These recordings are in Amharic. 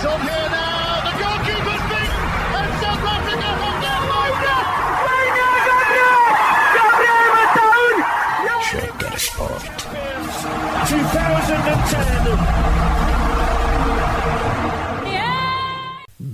It's not hear now.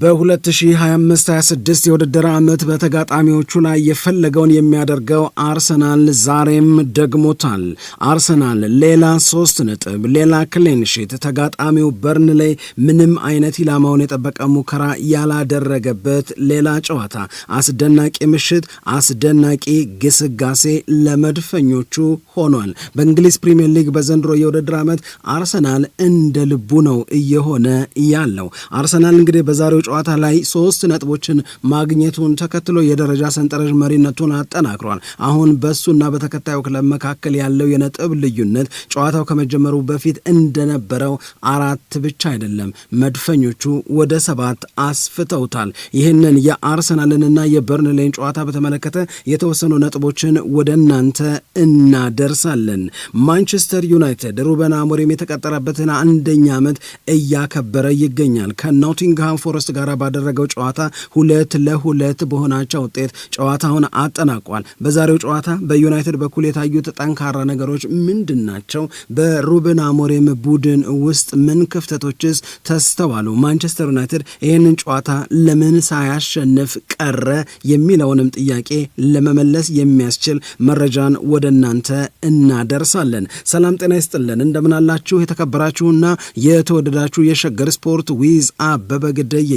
በ2025/26 የውድድር ዓመት በተጋጣሚዎቹ ላይ የፈለገውን የሚያደርገው አርሰናል ዛሬም ደግሞታል። አርሰናል ሌላ ሶስት ነጥብ፣ ሌላ ክሌንሺት፣ ተጋጣሚው በርን ላይ ምንም አይነት ኢላማውን የጠበቀ ሙከራ ያላደረገበት ሌላ ጨዋታ፣ አስደናቂ ምሽት፣ አስደናቂ ግስጋሴ ለመድፈኞቹ ሆኗል። በእንግሊዝ ፕሪምየር ሊግ በዘንድሮ የውድድር ዓመት አርሰናል እንደ ልቡ ነው እየሆነ ያለው። አርሰናል እንግዲህ በዛሬው ጨዋታ ላይ ሶስት ነጥቦችን ማግኘቱን ተከትሎ የደረጃ ሰንጠረዥ መሪነቱን አጠናክሯል። አሁን በሱና በተከታዩ ክለብ መካከል ያለው የነጥብ ልዩነት ጨዋታው ከመጀመሩ በፊት እንደነበረው አራት ብቻ አይደለም፣ መድፈኞቹ ወደ ሰባት አስፍተውታል። ይህንን የአርሰናልንና የበርንሌን ጨዋታ በተመለከተ የተወሰኑ ነጥቦችን ወደ እናንተ እናደርሳለን። ማንቸስተር ዩናይትድ ሩበን አሞሪም የተቀጠረበትን አንደኛ ዓመት እያከበረ ይገኛል። ከኖቲንግሃም ፎረስት ጋር ባደረገው ጨዋታ ሁለት ለሁለት በሆናቸው ውጤት ጨዋታውን አጠናቋል። በዛሬው ጨዋታ በዩናይትድ በኩል የታዩት ጠንካራ ነገሮች ምንድን ናቸው? በሩብን አሞሬም ቡድን ውስጥ ምን ክፍተቶችስ ተስተዋሉ? ማንቸስተር ዩናይትድ ይህንን ጨዋታ ለምን ሳያሸንፍ ቀረ የሚለውንም ጥያቄ ለመመለስ የሚያስችል መረጃን ወደ እናንተ እናደርሳለን። ሰላም ጤና ይስጥልን፣ እንደምናላችሁ የተከበራችሁና የተወደዳችሁ የሸገር ስፖርት ዊዝ አበበ ግደይ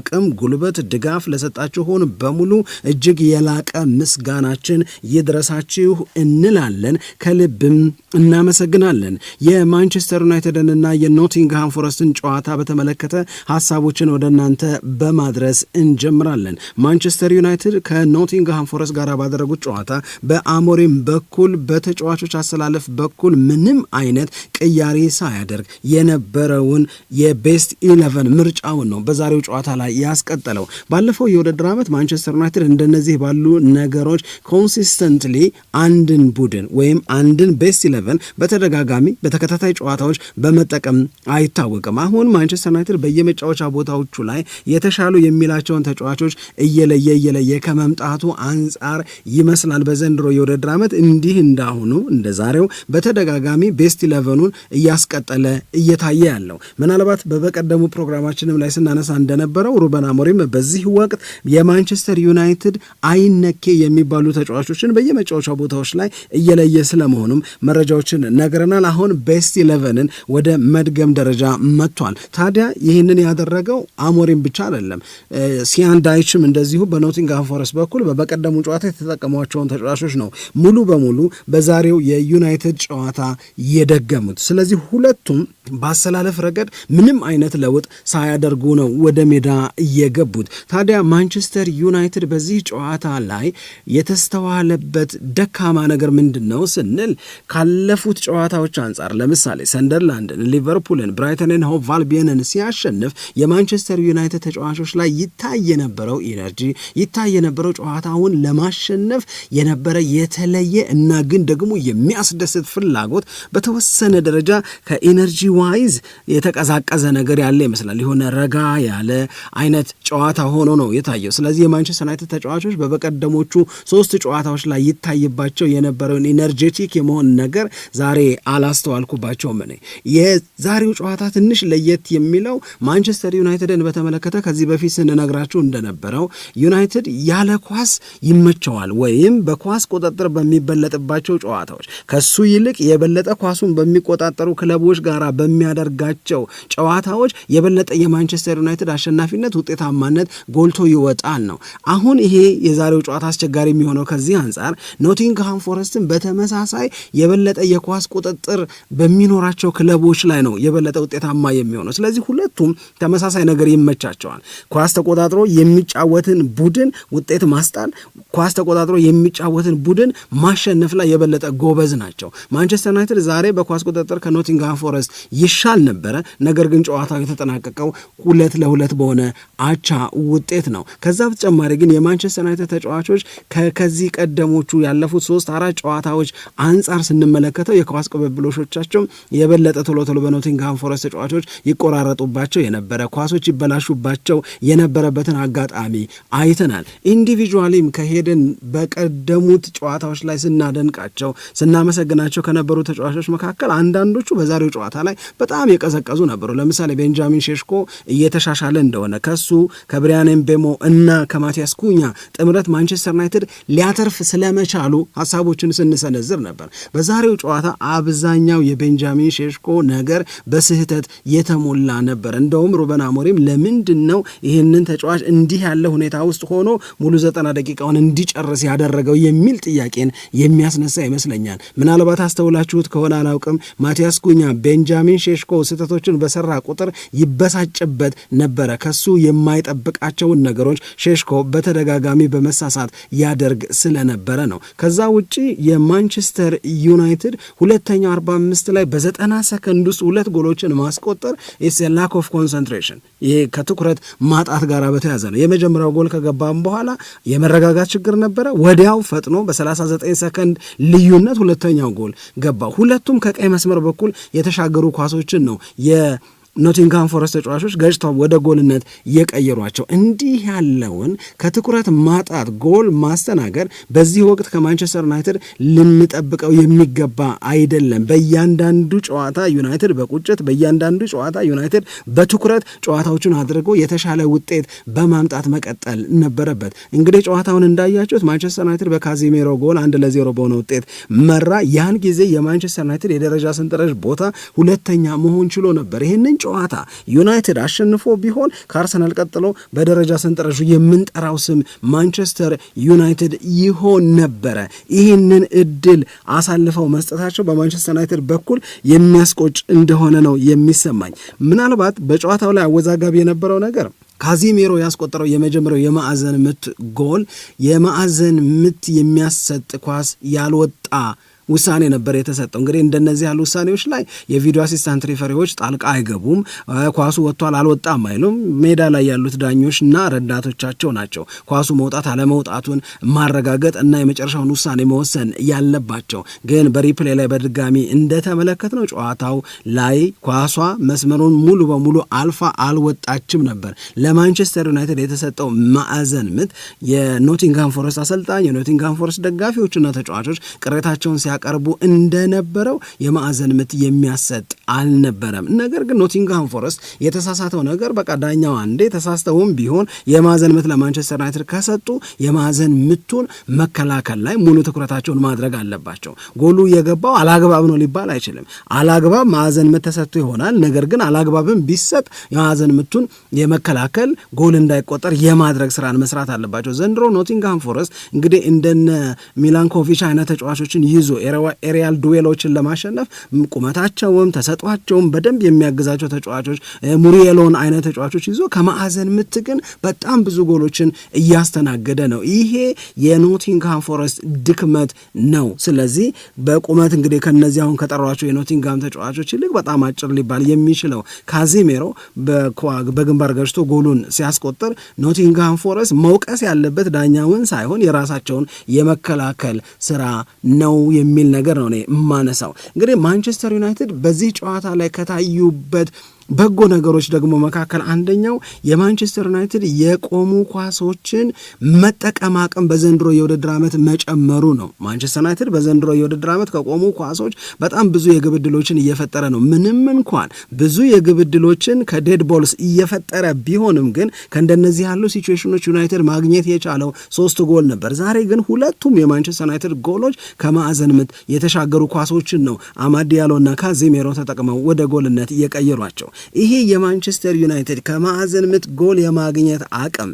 አቅም፣ ጉልበት፣ ድጋፍ ለሰጣችሁን በሙሉ እጅግ የላቀ ምስጋናችን ይድረሳችሁ እንላለን። ከልብም እናመሰግናለን። የማንቸስተር ዩናይትድንና የኖቲንግሃም ፎረስትን ጨዋታ በተመለከተ ሀሳቦችን ወደ እናንተ በማድረስ እንጀምራለን። ማንቸስተር ዩናይትድ ከኖቲንግሃም ፎረስት ጋር ባደረጉት ጨዋታ በአሞሪም በኩል በተጫዋቾች አሰላለፍ በኩል ምንም አይነት ቅያሬ ሳያደርግ የነበረውን የቤስት ኢለቨን ምርጫውን ነው በዛሬው ጨዋታ ላይ ያስቀጠለው። ባለፈው የውድድር ዓመት ማንቸስተር ዩናይትድ እንደነዚህ ባሉ ነገሮች ኮንሲስተንትሊ አንድን ቡድን ወይም አንድን ቤስት ኢለቨን በተደጋጋሚ በተከታታይ ጨዋታዎች በመጠቀም አይታወቅም። አሁን ማንቸስተር ዩናይትድ በየመጫወቻ ቦታዎቹ ላይ የተሻሉ የሚላቸውን ተጫዋቾች እየለየ እየለየ ከመምጣቱ አንጻር ይመስላል በዘንድሮ የውድድር ዓመት እንዲህ እንዳሁኑ እንደ ዛሬው በተደጋጋሚ ቤስት ኢለቨኑን እያስቀጠለ እየታየ ያለው ምናልባት በበቀደሙ ፕሮግራማችንም ላይ ስናነሳ እንደነበረው ሩበን አሞሪም በዚህ ወቅት የማንቸስተር ዩናይትድ አይነኬ የሚባሉ ተጫዋቾችን በየመጫወቻ ቦታዎች ላይ እየለየ ስለመሆኑም መረጃዎችን ነግረናል። አሁን ቤስት ኢለቨንን ወደ መድገም ደረጃ መጥቷል። ታዲያ ይህንን ያደረገው አሞሪም ብቻ አይደለም። ሲያን ዳይችም እንደዚሁ በኖቲንግሃም ፎረስት በኩል በበቀደሙ ጨዋታ የተጠቀሟቸውን ተጫዋቾች ነው ሙሉ በሙሉ በዛሬው የዩናይትድ ጨዋታ የደገሙት። ስለዚህ ሁለቱም በአሰላለፍ ረገድ ምንም አይነት ለውጥ ሳያደርጉ ነው ወደ ሜዳ የገቡት። ታዲያ ማንቸስተር ዩናይትድ በዚህ ጨዋታ ላይ የተስተዋለበት ደካማ ነገር ምንድን ነው ስንል ካለፉት ጨዋታዎች አንጻር ለምሳሌ ሰንደርላንድን፣ ሊቨርፑልን፣ ብራይተንን ሆቭ አልቢዮንን ሲያሸንፍ የማንቸስተር ዩናይትድ ተጫዋቾች ላይ ይታይ የነበረው ኢነርጂ ይታይ የነበረው ጨዋታውን ለማሸነፍ የነበረ የተለየ እና ግን ደግሞ የሚያስደስት ፍላጎት በተወሰነ ደረጃ ከኢነርጂ ዋይዝ የተቀዛቀዘ ነገር ያለ ይመስላል። የሆነ ረጋ ያለ አይነት ጨዋታ ሆኖ ነው የታየው። ስለዚህ የማንቸስተር ዩናይትድ ተጫዋቾች በበቀደሞቹ ሶስት ጨዋታዎች ላይ ይታይባቸው የነበረውን ኢነርጄቲክ የመሆን ነገር ዛሬ አላስተዋልኩባቸውም። እኔ የዛሬው ጨዋታ ትንሽ ለየት የሚለው ማንቸስተር ዩናይትድን በተመለከተ ከዚህ በፊት ስንነግራችሁ እንደነበረው ዩናይትድ ያለ ኳስ ይመቸዋል ወይም በኳስ ቁጥጥር በሚበለጥባቸው ጨዋታዎች ከሱ ይልቅ የበለጠ ኳሱን በሚቆጣጠሩ ክለቦች ጋር በሚያደርጋቸው ጨዋታዎች የበለጠ የማንቸስተር ዩናይትድ አሸናፊነት ውጤት ውጤታማነት ጎልቶ ይወጣል ነው። አሁን ይሄ የዛሬው ጨዋታ አስቸጋሪ የሚሆነው ከዚህ አንጻር ኖቲንግሃም ፎረስትን በተመሳሳይ የበለጠ የኳስ ቁጥጥር በሚኖራቸው ክለቦች ላይ ነው የበለጠ ውጤታማ የሚሆነው። ስለዚህ ሁለቱም ተመሳሳይ ነገር ይመቻቸዋል። ኳስ ተቆጣጥሮ የሚጫወትን ቡድን ውጤት ማስጣል፣ ኳስ ተቆጣጥሮ የሚጫወትን ቡድን ማሸነፍ ላይ የበለጠ ጎበዝ ናቸው። ማንቸስተር ዩናይትድ ዛሬ በኳስ ቁጥጥር ከኖቲንግሃም ፎረስት ይሻል ነበረ። ነገር ግን ጨዋታው የተጠናቀቀው ሁለት ለሁለት በሆነ አቻ ውጤት ነው። ከዛ በተጨማሪ ግን የማንቸስተር ዩናይትድ ተጫዋቾች ከዚህ ቀደሞቹ ያለፉት ሶስት አራት ጨዋታዎች አንጻር ስንመለከተው የኳስ ቅብብሎሾቻቸው የበለጠ ቶሎ ቶሎ በኖቲንግሃም ፎረስት ተጫዋቾች ይቆራረጡባቸው የነበረ ኳሶች ይበላሹባቸው የነበረበትን አጋጣሚ አይተናል። ኢንዲቪጁዋሊም ከሄደን በቀደሙት ጨዋታዎች ላይ ስናደንቃቸው ስናመሰግናቸው ከነበሩ ተጫዋቾች መካከል አንዳንዶቹ በዛሬው ጨዋታ ላይ በጣም የቀዘቀዙ ነበሩ። ለምሳሌ ቤንጃሚን ሼሽኮ እየተሻሻለ እንደሆነ ከሱ ከብሪያን ኤምቤሞ እና ከማቲያስ ኩኛ ጥምረት ማንቸስተር ዩናይትድ ሊያተርፍ ስለመቻሉ ሀሳቦችን ስንሰነዝር ነበር። በዛሬው ጨዋታ አብዛኛው የቤንጃሚን ሼሽኮ ነገር በስህተት የተሞላ ነበር። እንደውም ሩበን አሞሪም ለምንድን ነው ይህንን ተጫዋች እንዲህ ያለ ሁኔታ ውስጥ ሆኖ ሙሉ ዘጠና ደቂቃውን እንዲጨርስ ያደረገው የሚል ጥያቄን የሚያስነሳ ይመስለኛል። ምናልባት አስተውላችሁት ከሆነ አላውቅም፣ ማቲያስ ኩኛ ቤንጃሚን ሼሽኮ ስህተቶችን በሰራ ቁጥር ይበሳጭበት ነበረ። ከሱ የማይጠብቃቸውን ነገሮች ሼሽኮ በተደጋጋሚ በመሳሳት ያደርግ ስለነበረ ነው። ከዛ ውጪ የማንቸስተር ዩናይትድ ሁለተኛው 45 ላይ በዘጠና ሰከንድ ውስጥ ሁለት ጎሎችን ማስቆጠር ኢስ ላክ ኦፍ ኮንሰንትሬሽን፣ ይሄ ከትኩረት ማጣት ጋር በተያዘ ነው። የመጀመሪያው ጎል ከገባም በኋላ የመረጋጋት ችግር ነበረ። ወዲያው ፈጥኖ በ39 ሰከንድ ልዩነት ሁለተኛው ጎል ገባ። ሁለቱም ከቀይ መስመር በኩል የተሻገሩ ኳሶችን ነው ኖቲንግሃም ፎረስት ተጫዋቾች ገጭተው ወደ ጎልነት እየቀየሯቸው እንዲህ ያለውን ከትኩረት ማጣት ጎል ማስተናገድ በዚህ ወቅት ከማንቸስተር ዩናይትድ ልንጠብቀው የሚገባ አይደለም። በእያንዳንዱ ጨዋታ ዩናይትድ በቁጭት በእያንዳንዱ ጨዋታ ዩናይትድ በትኩረት ጨዋታዎቹን አድርጎ የተሻለ ውጤት በማምጣት መቀጠል ነበረበት። እንግዲህ ጨዋታውን እንዳያችሁት ማንቸስተር ዩናይትድ በካዚሜሮ ጎል አንድ ለዜሮ በሆነ ውጤት መራ። ያን ጊዜ የማንቸስተር ዩናይትድ የደረጃ ሰንጠረዥ ቦታ ሁለተኛ መሆን ችሎ ነበር። ይህንን ጨዋታ ዩናይትድ አሸንፎ ቢሆን ከአርሰናል ቀጥሎ በደረጃ ሰንጠረዡ የምንጠራው ስም ማንቸስተር ዩናይትድ ይሆን ነበረ። ይህንን እድል አሳልፈው መስጠታቸው በማንቸስተር ዩናይትድ በኩል የሚያስቆጭ እንደሆነ ነው የሚሰማኝ። ምናልባት በጨዋታው ላይ አወዛጋቢ የነበረው ነገር ካዚሜሮ ያስቆጠረው የመጀመሪያው የማዕዘን ምት ጎል የማዕዘን ምት የሚያሰጥ ኳስ ያልወጣ ውሳኔ ነበር የተሰጠው። እንግዲህ እንደነዚህ ያሉ ውሳኔዎች ላይ የቪዲዮ አሲስታንት ሪፈሪዎች ጣልቃ አይገቡም። ኳሱ ወጥቷል አልወጣም አይሉም። ሜዳ ላይ ያሉት ዳኞችና ረዳቶቻቸው ናቸው ኳሱ መውጣት አለመውጣቱን ማረጋገጥ እና የመጨረሻውን ውሳኔ መወሰን ያለባቸው። ግን በሪፕሌ ላይ በድጋሚ እንደተመለከት ነው ጨዋታው ላይ ኳሷ መስመሩን ሙሉ በሙሉ አልፋ አልወጣችም ነበር። ለማንቸስተር ዩናይትድ የተሰጠው ማዕዘን ምት የኖቲንግሃም ፎረስት አሰልጣኝ የኖቲንግሃም ፎረስት ደጋፊዎችና ተጫዋቾች ቅሬታቸውን ሲያ ሲያቀርቡ እንደነበረው የማዕዘን ምት የሚያሰጥ አልነበረም። ነገር ግን ኖቲንግሃም ፎረስት የተሳሳተው ነገር በቃ ዳኛው አንዴ ተሳስተውም ቢሆን የማዕዘን ምት ለማንቸስተር ዩናይትድ ከሰጡ የማዕዘን ምቱን መከላከል ላይ ሙሉ ትኩረታቸውን ማድረግ አለባቸው። ጎሉ የገባው አላግባብ ነው ሊባል አይችልም። አላግባብ ማዕዘን ምት ተሰጥቶ ይሆናል። ነገር ግን አላግባብም ቢሰጥ የማዕዘን ምቱን የመከላከል ጎል እንዳይቆጠር የማድረግ ስራን መስራት አለባቸው። ዘንድሮ ኖቲንግሃም ፎረስት እንግዲህ እንደነ ሚላንኮቪች አይነት ተጫዋቾችን ይዞ ኤሪያል ዱዌሎችን ለማሸነፍ ቁመታቸውም ተሰጧቸውም በደንብ የሚያግዛቸው ተጫዋቾች ሙሪየሎን አይነት ተጫዋቾች ይዞ ከማዕዘን ምት ግን በጣም ብዙ ጎሎችን እያስተናገደ ነው። ይሄ የኖቲንግሃም ፎረስት ድክመት ነው። ስለዚህ በቁመት እንግዲህ ከነዚህ አሁን ከጠሯቸው የኖቲንግሃም ተጫዋቾች ይልቅ በጣም አጭር ሊባል የሚችለው ካዚሜሮ በግንባር ገጭቶ ጎሉን ሲያስቆጥር ኖቲንግሃም ፎረስት መውቀስ ያለበት ዳኛውን ሳይሆን የራሳቸውን የመከላከል ስራ ነው የሚ የሚል ነገር ነው እኔ የማነሳው። እንግዲህ ማንቸስተር ዩናይትድ በዚህ ጨዋታ ላይ ከታዩበት በጎ ነገሮች ደግሞ መካከል አንደኛው የማንቸስተር ዩናይትድ የቆሙ ኳሶችን መጠቀም አቅም በዘንድሮ የውድድር ዓመት መጨመሩ ነው። ማንቸስተር ዩናይትድ በዘንድሮ የውድድር ዓመት ከቆሙ ኳሶች በጣም ብዙ የግብ ዕድሎችን እየፈጠረ ነው። ምንም እንኳን ብዙ የግብ ዕድሎችን ከዴድ ቦልስ እየፈጠረ ቢሆንም ግን ከእንደነዚህ ያሉ ሲቹዌሽኖች ዩናይትድ ማግኘት የቻለው ሶስት ጎል ነበር። ዛሬ ግን ሁለቱም የማንቸስተር ዩናይትድ ጎሎች ከማዕዘን ምት የተሻገሩ ኳሶችን ነው አማድ ዲያሎና ተጠቅመው ወደ ጎልነት እየቀየሯቸው ይሄ የማንቸስተር ዩናይትድ ከማዕዘን ምት ጎል የማግኘት አቅም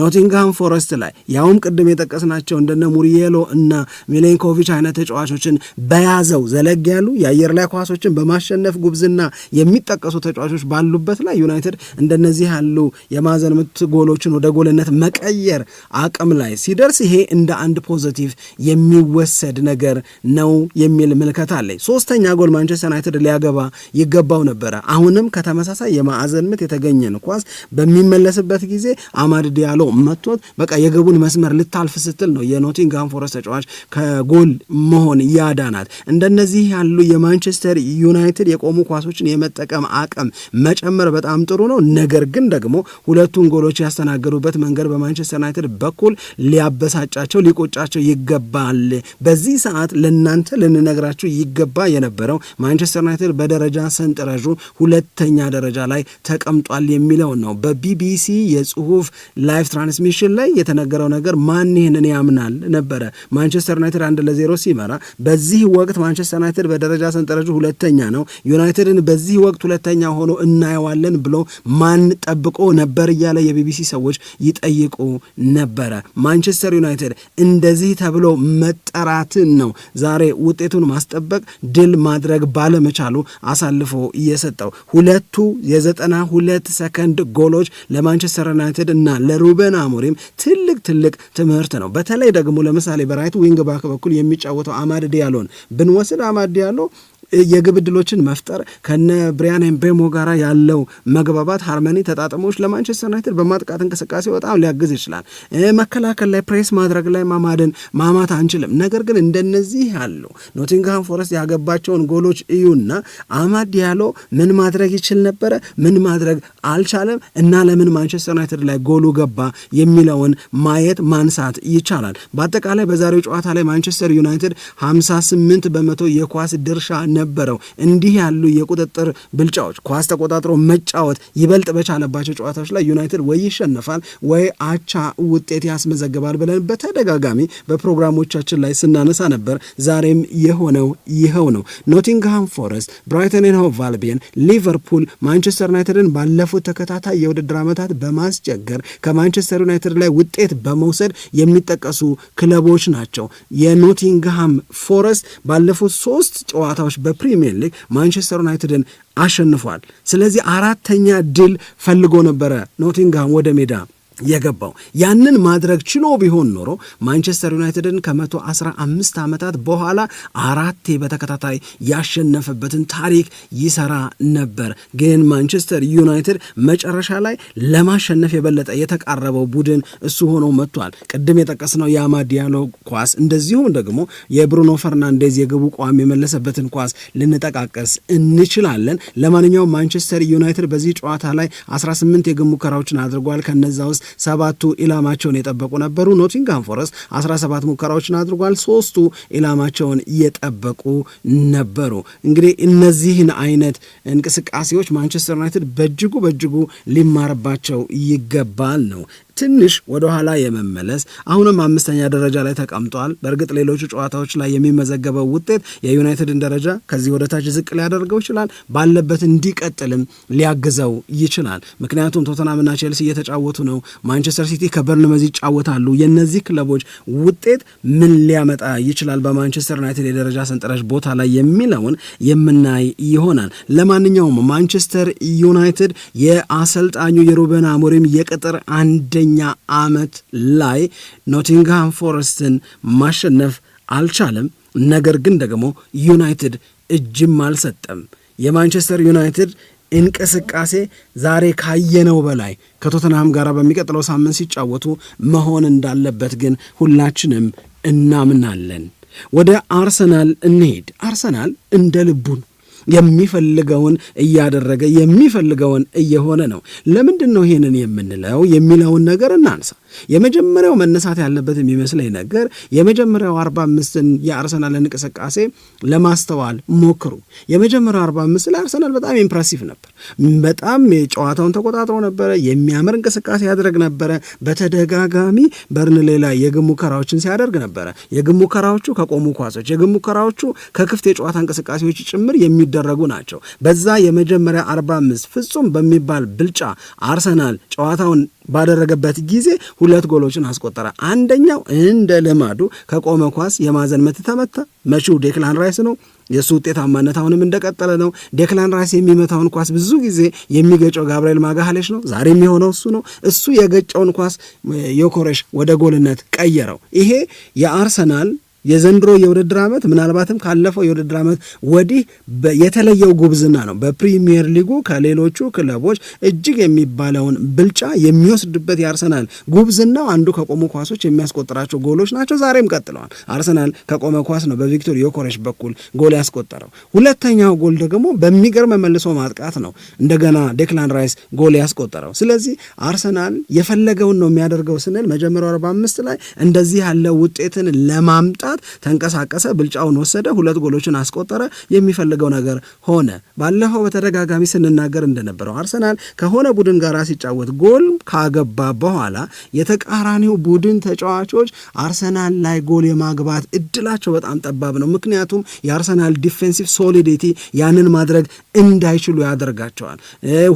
ኖቲንግሃም ፎረስት ላይ ያውም ቅድም የጠቀስናቸው እንደነ ሙሪየሎ እና ሚሌንኮቪች አይነት ተጫዋቾችን በያዘው ዘለግ ያሉ የአየር ላይ ኳሶችን በማሸነፍ ጉብዝና የሚጠቀሱ ተጫዋቾች ባሉበት ላይ ዩናይትድ እንደነዚህ ያሉ የማዕዘን ምት ጎሎችን ወደ ጎልነት መቀየር አቅም ላይ ሲደርስ ይሄ እንደ አንድ ፖዘቲቭ የሚወሰድ ነገር ነው የሚል ምልከት አለኝ። ሶስተኛ ጎል ማንቸስተር ዩናይትድ ሊያገባ ይገባው ነበረ። አሁንም ከተመሳሳይ የማዕዘን ምት የተገኘን ኳስ በሚመለስበት ጊዜ አማድ ዲያሎ መቶት በቃ የግቡን መስመር ልታልፍ ስትል ነው የኖቲንግሃም ፎረስት ተጫዋች ከጎል መሆን ያዳናት። እንደነዚህ ያሉ የማንቸስተር ዩናይትድ የቆሙ ኳሶችን የመጠቀም አቅም መጨመር በጣም ጥሩ ነው። ነገር ግን ደግሞ ሁለቱን ጎሎች ያስተናገዱበት መንገድ በማንቸስተር ዩናይትድ በኩል ሊያበሳጫቸው፣ ሊቆጫቸው ይገባል። በዚህ ሰዓት ለእናንተ ልንነግራችሁ ይገባ የነበረው ማንቸስተር ዩናይትድ በደረጃ ሰንጠረዡ ሁለተኛ ደረጃ ላይ ተቀምጧል የሚለውን ነው በቢቢሲ የጽሁፍ ላይ ላይቭ ትራንስሚሽን ላይ የተነገረው ነገር ማን ይህንን ያምናል ነበረ። ማንቸስተር ዩናይትድ አንድ ለዜሮ ሲመራ በዚህ ወቅት ማንቸስተር ዩናይትድ በደረጃ ሰንጠረዡ ሁለተኛ ነው። ዩናይትድን በዚህ ወቅት ሁለተኛ ሆኖ እናየዋለን ብሎ ማን ጠብቆ ነበር እያለ የቢቢሲ ሰዎች ይጠይቁ ነበረ። ማንቸስተር ዩናይትድ እንደዚህ ተብሎ መጠራትን ነው ዛሬ ውጤቱን ማስጠበቅ ድል ማድረግ ባለመቻሉ አሳልፎ እየሰጠው። ሁለቱ የዘጠና ሁለት ሰከንድ ጎሎች ለማንቸስተር ዩናይትድ እና ለሩ ሩበን አሞሪም ትልቅ ትልቅ ትምህርት ነው። በተለይ ደግሞ ለምሳሌ በራይት ዊንግ ባክ በኩል የሚጫወተው አማድ ዲያሎን ብንወስድ አማድ ዲያሎ የግብ ድሎችን መፍጠር ከነ ብሪያን ኤምቤሞ ጋር ያለው መግባባት ሃርመኒ ተጣጥሞች ለማንቸስተር ዩናይትድ በማጥቃት እንቅስቃሴ በጣም ሊያግዝ ይችላል። መከላከል ላይ ፕሬስ ማድረግ ላይ ማማደን ማማት አንችልም። ነገር ግን እንደነዚህ ያሉ ኖቲንግሃም ፎረስት ያገባቸውን ጎሎች እዩና አማድ ያለው ምን ማድረግ ይችል ነበረ፣ ምን ማድረግ አልቻለም እና ለምን ማንቸስተር ዩናይትድ ላይ ጎሉ ገባ የሚለውን ማየት ማንሳት ይቻላል። በአጠቃላይ በዛሬው ጨዋታ ላይ ማንቸስተር ዩናይትድ 58 በመቶ የኳስ ድርሻ ነበረው። እንዲህ ያሉ የቁጥጥር ብልጫዎች፣ ኳስ ተቆጣጥሮ መጫወት ይበልጥ በቻለባቸው ጨዋታዎች ላይ ዩናይትድ ወይ ይሸነፋል ወይ አቻ ውጤት ያስመዘግባል ብለን በተደጋጋሚ በፕሮግራሞቻችን ላይ ስናነሳ ነበር። ዛሬም የሆነው ይኸው ነው። ኖቲንግሃም ፎረስት፣ ብራይተንን ሆቭ አልቢየን፣ ሊቨርፑል ማንቸስተር ዩናይትድን ባለፉት ተከታታይ የውድድር ዓመታት በማስቸገር ከማንቸስተር ዩናይትድ ላይ ውጤት በመውሰድ የሚጠቀሱ ክለቦች ናቸው። የኖቲንግሃም ፎረስት ባለፉት ሶስት ጨዋታዎች በፕሪሚየር ሊግ ማንቸስተር ዩናይትድን አሸንፏል። ስለዚህ አራተኛ ድል ፈልጎ ነበረ ኖቲንግሃም ወደ ሜዳ የገባው ያንን ማድረግ ችሎ ቢሆን ኖሮ ማንቸስተር ዩናይትድን ከመቶ አስራ አምስት ዓመታት በኋላ አራቴ በተከታታይ ያሸነፈበትን ታሪክ ይሰራ ነበር። ግን ማንቸስተር ዩናይትድ መጨረሻ ላይ ለማሸነፍ የበለጠ የተቃረበው ቡድን እሱ ሆኖ መጥቷል። ቅድም የጠቀስነው የአማ ኳስ፣ እንደዚሁም ደግሞ የብሩኖ ፈርናንዴዝ የግቡ ቋሚ የመለሰበትን ኳስ ልንጠቃቀስ እንችላለን። ለማንኛውም ማንቸስተር ዩናይትድ በዚህ ጨዋታ ላይ 18 የግብ ሙከራዎችን አድርጓል። ከነዛ ውስጥ ሰባቱ ኢላማቸውን የጠበቁ ነበሩ። ኖቲንግሃም ፎረስት 17 ሙከራዎችን አድርጓል፣ ሶስቱ ኢላማቸውን የጠበቁ ነበሩ። እንግዲህ እነዚህን አይነት እንቅስቃሴዎች ማንቸስተር ዩናይትድ በእጅጉ በእጅጉ ሊማርባቸው ይገባል ነው ትንሽ ወደኋላ የመመለስ አሁንም አምስተኛ ደረጃ ላይ ተቀምጧል። በእርግጥ ሌሎቹ ጨዋታዎች ላይ የሚመዘገበው ውጤት የዩናይትድን ደረጃ ከዚህ ወደ ታች ዝቅ ሊያደርገው ይችላል፣ ባለበት እንዲቀጥልም ሊያግዘው ይችላል። ምክንያቱም ቶተናምና ቼልሲ እየተጫወቱ ነው፣ ማንቸስተር ሲቲ ከበርንመዝ ይጫወታሉ። የእነዚህ ክለቦች ውጤት ምን ሊያመጣ ይችላል በማንቸስተር ዩናይትድ የደረጃ ሰንጠረዥ ቦታ ላይ የሚለውን የምናይ ይሆናል። ለማንኛውም ማንቸስተር ዩናይትድ የአሰልጣኙ የሩበን አሞሪም የቅጥር አንደ ሁለተኛ ዓመት ላይ ኖቲንግሃም ፎረስትን ማሸነፍ አልቻለም። ነገር ግን ደግሞ ዩናይትድ እጅም አልሰጠም። የማንቸስተር ዩናይትድ እንቅስቃሴ ዛሬ ካየነው በላይ ከቶተንሃም ጋር በሚቀጥለው ሳምንት ሲጫወቱ መሆን እንዳለበት ግን ሁላችንም እናምናለን። ወደ አርሰናል እንሄድ። አርሰናል እንደ ልቡ ነው የሚፈልገውን እያደረገ የሚፈልገውን እየሆነ ነው። ለምንድን ነው ይህንን የምንለው የሚለውን ነገር እናንሳ። የመጀመሪያው መነሳት ያለበት የሚመስለኝ ነገር የመጀመሪያው 45ን የአርሰናል እንቅስቃሴ ለማስተዋል ሞክሩ። የመጀመሪያው 45 ለአርሰናል በጣም ኢምፕሬሲቭ ነበር። በጣም ጨዋታውን ተቆጣጥሮ ነበረ። የሚያምር እንቅስቃሴ ያደረግ ነበረ። በተደጋጋሚ በርንሌ ላይ የግብ ሙከራዎችን ሲያደርግ ነበረ። የግብ ሙከራዎቹ ከቆሙ ኳሶች፣ የግብ ሙከራዎቹ ከክፍት የጨዋታ እንቅስቃሴዎች ጭምር የሚደረጉ ናቸው። በዛ የመጀመሪያ 45 ፍጹም በሚባል ብልጫ አርሰናል ጨዋታውን ባደረገበት ጊዜ ሁለት ጎሎችን አስቆጠረ። አንደኛው እንደ ልማዱ ከቆመ ኳስ የማዘን ምት ተመታ። መቺው ዴክላን ራይስ ነው። የእሱ ውጤታማነት አሁንም እንደቀጠለ ነው። ዴክላን ራይስ የሚመታውን ኳስ ብዙ ጊዜ የሚገጨው ጋብርኤል ማጋሃሌሽ ነው። ዛሬ የሚሆነው እሱ ነው። እሱ የገጨውን ኳስ ዮኮሬሽ ወደ ጎልነት ቀየረው። ይሄ የአርሰናል የዘንድሮ የውድድር ዓመት ምናልባትም ካለፈው የውድድር ዓመት ወዲህ የተለየው ጉብዝና ነው። በፕሪሚየር ሊጉ ከሌሎቹ ክለቦች እጅግ የሚባለውን ብልጫ የሚወስድበት የአርሰናል ጉብዝናው አንዱ ከቆሙ ኳሶች የሚያስቆጥራቸው ጎሎች ናቸው። ዛሬም ቀጥለዋል። አርሰናል ከቆመ ኳስ ነው በቪክቶር ዮኮረሽ በኩል ጎል ያስቆጠረው። ሁለተኛው ጎል ደግሞ በሚገርም መልሶ ማጥቃት ነው እንደገና ዴክላን ራይስ ጎል ያስቆጠረው። ስለዚህ አርሰናል የፈለገውን ነው የሚያደርገው ስንል መጀመሪያው 45 ላይ እንደዚህ ያለ ውጤትን ለማምጣት ሰዓት ተንቀሳቀሰ፣ ብልጫውን ወሰደ፣ ሁለት ጎሎችን አስቆጠረ፣ የሚፈልገው ነገር ሆነ። ባለፈው በተደጋጋሚ ስንናገር እንደነበረው አርሰናል ከሆነ ቡድን ጋር ሲጫወት ጎል ካገባ በኋላ የተቃራኒው ቡድን ተጫዋቾች አርሰናል ላይ ጎል የማግባት እድላቸው በጣም ጠባብ ነው። ምክንያቱም የአርሰናል ዲፌንሲቭ ሶሊዲቲ ያንን ማድረግ እንዳይችሉ ያደርጋቸዋል።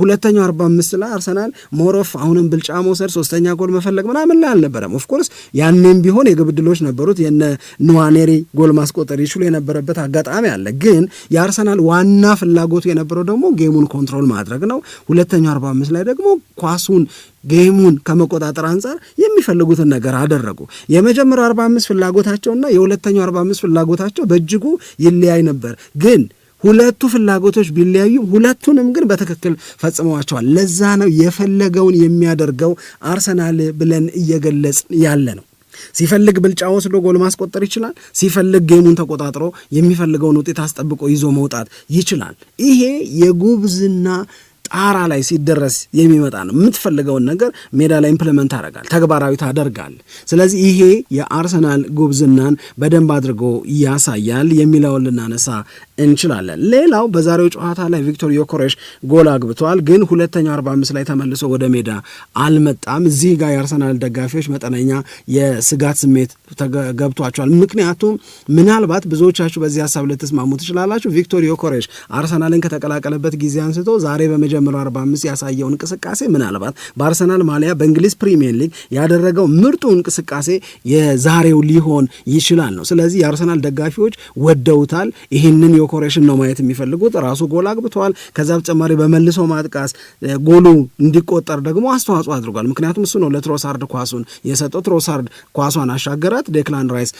ሁለተኛው 45 ላይ አርሰናል ሞሮፍ አሁንም ብልጫ መውሰድ፣ ሶስተኛ ጎል መፈለግ ምናምን ላይ አልነበረም። ኦፍኮርስ ያኔም ቢሆን የግብ ዕድሎች ነበሩት የነ ንዋኔሪ ጎል ማስቆጠር ይችሉ የነበረበት አጋጣሚ አለ። ግን የአርሰናል ዋና ፍላጎቱ የነበረው ደግሞ ጌሙን ኮንትሮል ማድረግ ነው። ሁለተኛው 45 ላይ ደግሞ ኳሱን ጌሙን ከመቆጣጠር አንጻር የሚፈልጉትን ነገር አደረጉ። የመጀመሪያው 45 ፍላጎታቸውና የሁለተኛው 45 ፍላጎታቸው በእጅጉ ይለያይ ነበር ግን ሁለቱ ፍላጎቶች ቢለያዩም ሁለቱንም ግን በትክክል ፈጽመዋቸዋል። ለዛ ነው የፈለገውን የሚያደርገው አርሰናል ብለን እየገለጽ ያለ ነው። ሲፈልግ ብልጫ ወስዶ ጎል ማስቆጠር ይችላል። ሲፈልግ ጌሙን ተቆጣጥሮ የሚፈልገውን ውጤት አስጠብቆ ይዞ መውጣት ይችላል። ይሄ የጉብዝና ጣራ ላይ ሲደረስ የሚመጣ ነው። የምትፈልገውን ነገር ሜዳ ላይ ኢምፕሊመንት አደርጋል፣ ተግባራዊ ታደርጋል። ስለዚህ ይሄ የአርሰናል ጉብዝናን በደንብ አድርጎ ያሳያል የሚለውን ልናነሳ እንችላለን። ሌላው በዛሬው ጨዋታ ላይ ቪክቶር ዮኮሬሽ ጎል አግብተዋል፣ ግን ሁለተኛው 45 ላይ ተመልሶ ወደ ሜዳ አልመጣም። እዚህ ጋር የአርሰናል ደጋፊዎች መጠነኛ የስጋት ስሜት ተገብቷቸዋል። ምክንያቱም ምናልባት ብዙዎቻችሁ በዚህ ሀሳብ ልትስማሙ ትችላላችሁ። ቪክቶር ዮኮሬሽ አርሰናልን ከተቀላቀለበት ጊዜ አንስቶ ዛሬ በመጀመሪያው 45 ያሳየው እንቅስቃሴ ምናልባት በአርሰናል ማሊያ በእንግሊዝ ፕሪሚየር ሊግ ያደረገው ምርጡ እንቅስቃሴ የዛሬው ሊሆን ይችላል ነው። ስለዚህ የአርሰናል ደጋፊዎች ወደውታል ይህንን ኮኮሬሽን ነው ማየት የሚፈልጉት። ራሱ ጎል አግብተዋል። ከዛ በተጨማሪ በመልሶ ማጥቃስ ጎሉ እንዲቆጠር ደግሞ አስተዋጽኦ አድርጓል። ምክንያቱም እሱ ነው ለትሮሳርድ ኳሱን የሰጠው። ትሮሳርድ ኳሷን አሻገራት፣ ዴክላን ራይስ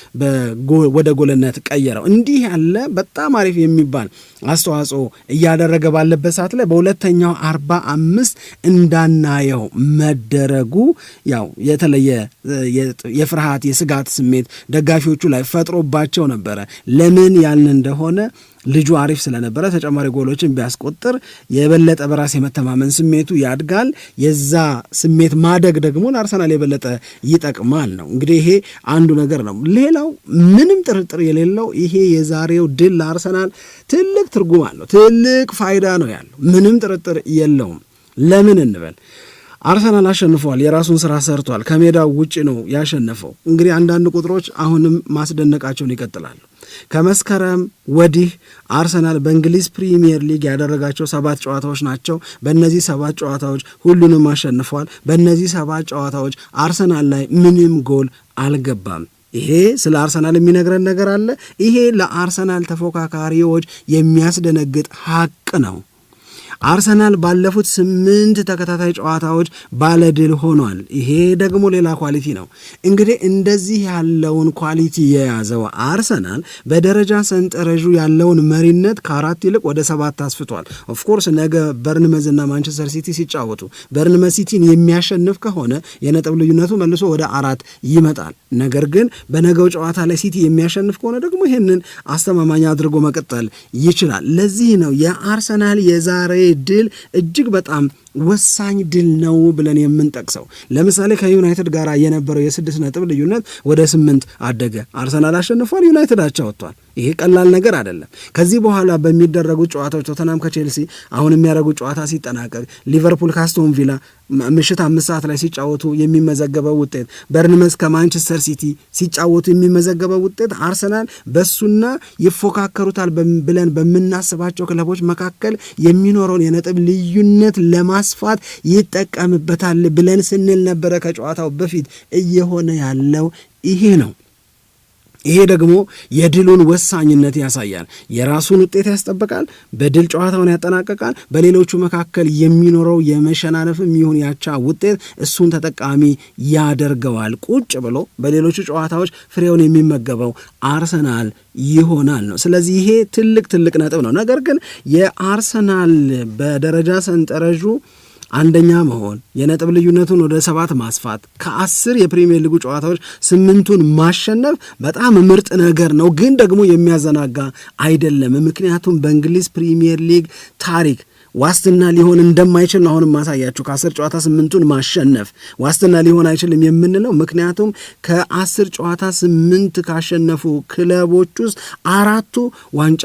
ወደ ጎልነት ቀየረው። እንዲህ ያለ በጣም አሪፍ የሚባል አስተዋጽኦ እያደረገ ባለበት ሰዓት ላይ በሁለተኛው አርባ አምስት እንዳናየው መደረጉ ያው የተለየ የፍርሃት የስጋት ስሜት ደጋፊዎቹ ላይ ፈጥሮባቸው ነበረ። ለምን ያልን እንደሆነ ልጁ አሪፍ ስለነበረ ተጨማሪ ጎሎችን ቢያስቆጥር የበለጠ በራስ የመተማመን ስሜቱ ያድጋል። የዛ ስሜት ማደግ ደግሞ ለአርሰናል የበለጠ ይጠቅማል ነው እንግዲህ ይሄ አንዱ ነገር ነው። ሌላው ምንም ጥርጥር የሌለው ይሄ የዛሬው ድል ለአርሰናል ትልቅ ትርጉም አለው፣ ትልቅ ፋይዳ ነው ያለው፣ ምንም ጥርጥር የለውም። ለምን እንበል አርሰናል አሸንፏል። የራሱን ስራ ሰርቷል። ከሜዳው ውጭ ነው ያሸነፈው። እንግዲህ አንዳንድ ቁጥሮች አሁንም ማስደነቃቸውን ይቀጥላሉ። ከመስከረም ወዲህ አርሰናል በእንግሊዝ ፕሪሚየር ሊግ ያደረጋቸው ሰባት ጨዋታዎች ናቸው። በእነዚህ ሰባት ጨዋታዎች ሁሉንም አሸንፏል። በእነዚህ ሰባት ጨዋታዎች አርሰናል ላይ ምንም ጎል አልገባም። ይሄ ስለ አርሰናል የሚነግረን ነገር አለ። ይሄ ለአርሰናል ተፎካካሪዎች የሚያስደነግጥ ሀቅ ነው። አርሰናል ባለፉት ስምንት ተከታታይ ጨዋታዎች ባለድል ሆኗል። ይሄ ደግሞ ሌላ ኳሊቲ ነው። እንግዲህ እንደዚህ ያለውን ኳሊቲ የያዘው አርሰናል በደረጃ ሰንጠረዡ ያለውን መሪነት ከአራት ይልቅ ወደ ሰባት አስፍቷል። ኦፍኮርስ ነገ በርንመዝ እና ማንቸስተር ሲቲ ሲጫወቱ በርንመዝ ሲቲን የሚያሸንፍ ከሆነ የነጥብ ልዩነቱ መልሶ ወደ አራት ይመጣል። ነገር ግን በነገው ጨዋታ ላይ ሲቲ የሚያሸንፍ ከሆነ ደግሞ ይህንን አስተማማኝ አድርጎ መቀጠል ይችላል። ለዚህ ነው የአርሰናል የዛሬ ድል እጅግ በጣም ወሳኝ ድል ነው ብለን የምንጠቅሰው ለምሳሌ ከዩናይትድ ጋር የነበረው የስድስት ነጥብ ልዩነት ወደ ስምንት አደገ። አርሰናል አሸንፏል፣ ዩናይትድ አቻ ወጥቷል። ይሄ ቀላል ነገር አይደለም። ከዚህ በኋላ በሚደረጉ ጨዋታዎች ቶተናም ከቼልሲ አሁን የሚያደርጉ ጨዋታ ሲጠናቀቅ፣ ሊቨርፑል ካስቶን ቪላ ምሽት አምስት ሰዓት ላይ ሲጫወቱ የሚመዘገበው ውጤት፣ በርንመስ ከማንቸስተር ሲቲ ሲጫወቱ የሚመዘገበው ውጤት አርሰናል በሱና ይፎካከሩታል ብለን በምናስባቸው ክለቦች መካከል የሚኖረውን የነጥብ ልዩነት ለማስፋት ይጠቀምበታል ብለን ስንል ነበረ። ከጨዋታው በፊት እየሆነ ያለው ይሄ ነው። ይሄ ደግሞ የድሉን ወሳኝነት ያሳያል። የራሱን ውጤት ያስጠብቃል፣ በድል ጨዋታውን ያጠናቀቃል። በሌሎቹ መካከል የሚኖረው የመሸናነፍ የሚሆን ያቻ ውጤት እሱን ተጠቃሚ ያደርገዋል። ቁጭ ብሎ በሌሎቹ ጨዋታዎች ፍሬውን የሚመገበው አርሰናል ይሆናል ነው። ስለዚህ ይሄ ትልቅ ትልቅ ነጥብ ነው። ነገር ግን የአርሰናል በደረጃ ሰንጠረዡ አንደኛ መሆን፣ የነጥብ ልዩነቱን ወደ ሰባት ማስፋት፣ ከአስር የፕሪሚየር ሊጉ ጨዋታዎች ስምንቱን ማሸነፍ በጣም ምርጥ ነገር ነው፣ ግን ደግሞ የሚያዘናጋ አይደለም። ምክንያቱም በእንግሊዝ ፕሪሚየር ሊግ ታሪክ ዋስትና ሊሆን እንደማይችል ነው አሁንም ማሳያችሁ። ከአስር ጨዋታ ስምንቱን ማሸነፍ ዋስትና ሊሆን አይችልም የምንለው ምክንያቱም ከአስር ጨዋታ ስምንት ካሸነፉ ክለቦች ውስጥ አራቱ ዋንጫ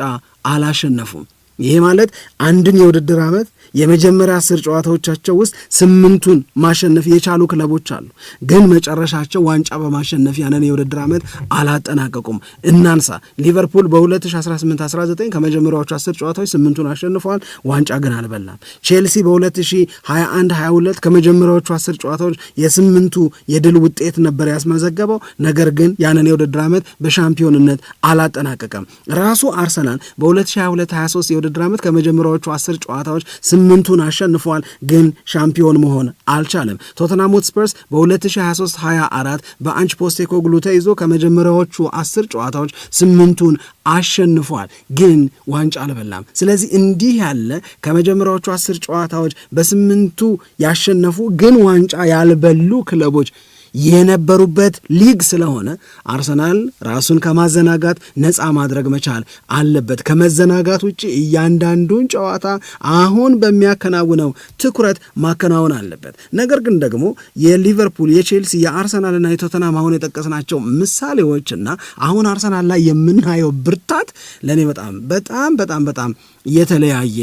አላሸነፉም። ይሄ ማለት አንድን የውድድር ዓመት የመጀመሪያ አስር ጨዋታዎቻቸው ውስጥ ስምንቱን ማሸነፍ የቻሉ ክለቦች አሉ። ግን መጨረሻቸው ዋንጫ በማሸነፍ ያንን የውድድር ዓመት አላጠናቀቁም። እናንሳ ሊቨርፑል በ2018/19 ከመጀመሪያዎቹ አስር ጨዋታዎች ስምንቱን አሸንፈዋል፣ ዋንጫ ግን አልበላም። ቼልሲ በ2021/22 ከመጀመሪያዎቹ አስር ጨዋታዎች የስምንቱ የድል ውጤት ነበር ያስመዘገበው፣ ነገር ግን ያንን የውድድር ዓመት በሻምፒዮንነት አላጠናቀቀም። ራሱ አርሰናል በ2022/23 የውድድር ዓመት ከመጀመሪያዎቹ አስር ጨዋታዎች ስምንቱን አሸንፏል፣ ግን ሻምፒዮን መሆን አልቻለም። ቶተናም ሆትስፐርስ በ2023/24 በአንች ፖስቴኮግሉ ተይዞ ከመጀመሪያዎቹ አስር ጨዋታዎች ስምንቱን አሸንፏል፣ ግን ዋንጫ አልበላም። ስለዚህ እንዲህ ያለ ከመጀመሪያዎቹ አስር ጨዋታዎች በስምንቱ ያሸነፉ ግን ዋንጫ ያልበሉ ክለቦች የነበሩበት ሊግ ስለሆነ አርሰናል ራሱን ከማዘናጋት ነፃ ማድረግ መቻል አለበት። ከመዘናጋት ውጭ እያንዳንዱን ጨዋታ አሁን በሚያከናውነው ትኩረት ማከናወን አለበት። ነገር ግን ደግሞ የሊቨርፑል፣ የቼልሲ፣ የአርሰናልና የቶተናም አሁን የጠቀስናቸው ምሳሌዎችና አሁን አርሰናል ላይ የምናየው ብርታት ለእኔ በጣም በጣም በጣም በጣም የተለያየ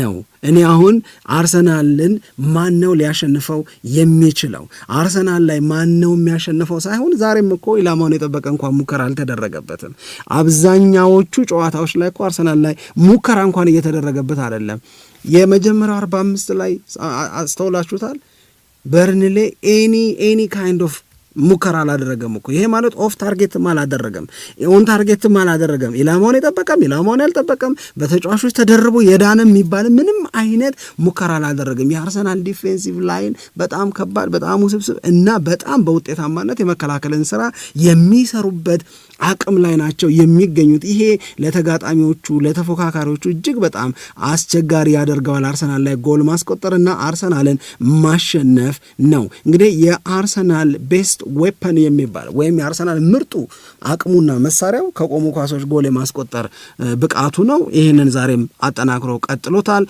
ነው። እኔ አሁን አርሰናልን ማን ነው ሊያሸንፈው የሚችለው አርሰናል ላይ ማ ማን ነው የሚያሸንፈው ሳይሆን ዛሬም እኮ ኢላማውን የጠበቀ እንኳን ሙከራ አልተደረገበትም። አብዛኛዎቹ ጨዋታዎች ላይ እኮ አርሰናል ላይ ሙከራ እንኳን እየተደረገበት አይደለም። የመጀመሪያው አርባ አምስት ላይ አስተውላችሁታል። በርንሌ ኤኒ ኤኒ ካይንድ ኦፍ ሙከራ አላደረገም እኮ ይሄ ማለት ኦፍ ታርጌትም አላደረገም፣ ኦን ታርጌትም አላደረገም። ኢላማውን የጠበቀም ኢላማውን ያልጠበቀም በተጫዋቾች ተደርቦ የዳነ የሚባል ምንም አይነት ሙከራ አላደረገም። የአርሰናል ዲፌንሲቭ ላይን በጣም ከባድ፣ በጣም ውስብስብ እና በጣም በውጤታማነት የመከላከልን ስራ የሚሰሩበት አቅም ላይ ናቸው የሚገኙት። ይሄ ለተጋጣሚዎቹ ለተፎካካሪዎቹ እጅግ በጣም አስቸጋሪ ያደርገዋል። አርሰናል ላይ ጎል ማስቆጠርና አርሰናልን ማሸነፍ ነው። እንግዲህ የአርሰናል ቤስት ዌፐን የሚባል ወይም የአርሰናል ምርጡ አቅሙና መሳሪያው ከቆሙ ኳሶች ጎል የማስቆጠር ብቃቱ ነው። ይህንን ዛሬም አጠናክሮ ቀጥሎታል።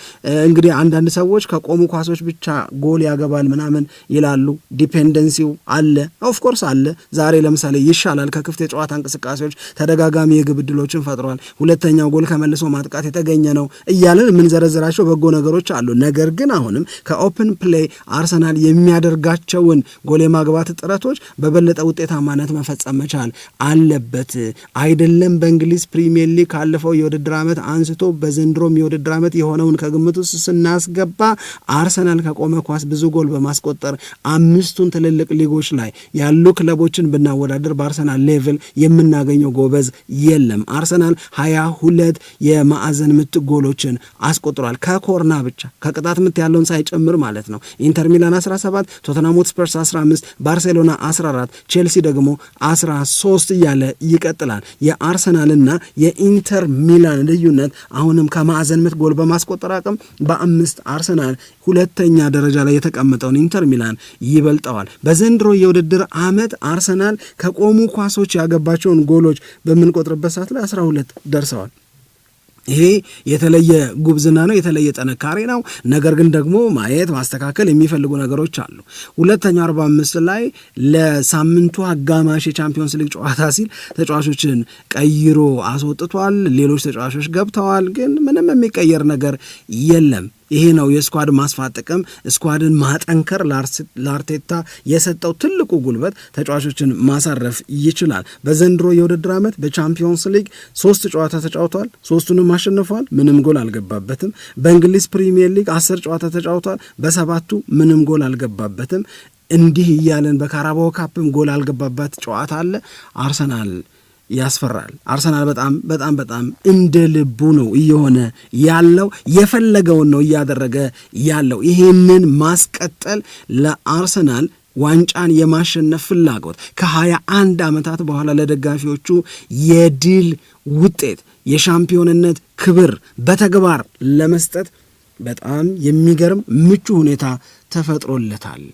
እንግዲህ አንዳንድ ሰዎች ከቆሙ ኳሶች ብቻ ጎል ያገባል ምናምን ይላሉ። ዲፔንደንሲው አለ፣ ኦፍኮርስ አለ። ዛሬ ለምሳሌ ይሻላል ከክፍት የጨዋታ እንቅስቃሴ እንቅስቃሴዎች ተደጋጋሚ የግብ ዕድሎችን ፈጥሯል። ሁለተኛው ጎል ከመልሶ ማጥቃት የተገኘ ነው እያለን የምንዘረዝራቸው በጎ ነገሮች አሉ። ነገር ግን አሁንም ከኦፕን ፕሌይ አርሰናል የሚያደርጋቸውን ጎል የማግባት ጥረቶች በበለጠ ውጤታማነት መፈጸም መቻል አለበት። አይደለም በእንግሊዝ ፕሪሚየር ሊግ ካለፈው የውድድር ዓመት አንስቶ በዘንድሮም የውድድር ዓመት የሆነውን ከግምት ውስጥ ስናስገባ አርሰናል ከቆመ ኳስ ብዙ ጎል በማስቆጠር አምስቱን ትልልቅ ሊጎች ላይ ያሉ ክለቦችን ብናወዳደር በአርሰናል ሌቭል የምን የምናገኘው ጎበዝ የለም። አርሰናል ሀያ ሁለት የማዕዘን ምት ጎሎችን አስቆጥሯል። ከኮርና ብቻ ከቅጣት ምት ያለውን ሳይጨምር ማለት ነው። ኢንተር ሚላን 17፣ ቶተናም ሆትስፐርስ 15፣ ባርሴሎና 14፣ ቼልሲ ደግሞ 13 እያለ ይቀጥላል። የአርሰናልና የኢንተር ሚላን ልዩነት አሁንም ከማዕዘን ምት ጎል በማስቆጠር አቅም በአምስት አርሰናል ሁለተኛ ደረጃ ላይ የተቀመጠውን ኢንተር ሚላን ይበልጠዋል። በዘንድሮ የውድድር ዓመት አርሰናል ከቆሙ ኳሶች ያገባቸው ያሉን ጎሎች በምንቆጥርበት ሰዓት ላይ አስራ ሁለት ደርሰዋል። ይሄ የተለየ ጉብዝና ነው፣ የተለየ ጥንካሬ ነው። ነገር ግን ደግሞ ማየት ማስተካከል የሚፈልጉ ነገሮች አሉ። ሁለተኛው አርባ አምስት ላይ ለሳምንቱ አጋማሽ የቻምፒዮንስ ሊግ ጨዋታ ሲል ተጫዋቾችን ቀይሮ አስወጥቷል። ሌሎች ተጫዋቾች ገብተዋል፣ ግን ምንም የሚቀየር ነገር የለም። ይሄ ነው የስኳድ ማስፋት ጥቅም። ስኳድን ማጠንከር ለአርቴታ የሰጠው ትልቁ ጉልበት ተጫዋቾችን ማሳረፍ ይችላል። በዘንድሮ የውድድር ዓመት በቻምፒዮንስ ሊግ ሶስት ጨዋታ ተጫውቷል፣ ሶስቱንም አሸንፏል። ምንም ጎል አልገባበትም። በእንግሊዝ ፕሪሚየር ሊግ አስር ጨዋታ ተጫውቷል፣ በሰባቱ ምንም ጎል አልገባበትም። እንዲህ እያለን በካራባው ካፕም ጎል አልገባበት ጨዋታ አለ አርሰናል ያስፈራል። አርሰናል በጣም በጣም በጣም እንደ ልቡ ነው እየሆነ ያለው፣ የፈለገውን ነው እያደረገ ያለው። ይሄንን ማስቀጠል ለአርሰናል ዋንጫን የማሸነፍ ፍላጎት ከሀያ አንድ ዓመታት በኋላ ለደጋፊዎቹ የድል ውጤት የሻምፒዮንነት ክብር በተግባር ለመስጠት በጣም የሚገርም ምቹ ሁኔታ ተፈጥሮለታል።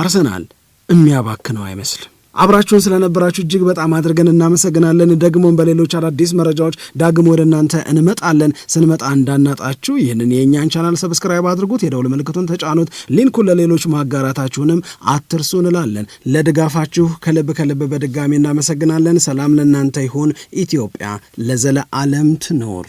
አርሰናል የሚያባክነው አይመስልም። አብራችሁን ስለነበራችሁ እጅግ በጣም አድርገን እናመሰግናለን። ደግሞም በሌሎች አዳዲስ መረጃዎች ዳግም ወደ እናንተ እንመጣለን። ስንመጣ እንዳናጣችሁ ይህንን የእኛን ቻናል ሰብስክራይብ አድርጉት፣ የደውል ምልክቱን ተጫኑት፣ ሊንኩን ለሌሎች ማጋራታችሁንም አትርሱ እንላለን። ለድጋፋችሁ ከልብ ከልብ በድጋሚ እናመሰግናለን። ሰላም ለእናንተ ይሁን። ኢትዮጵያ ለዘለዓለም ትኖር።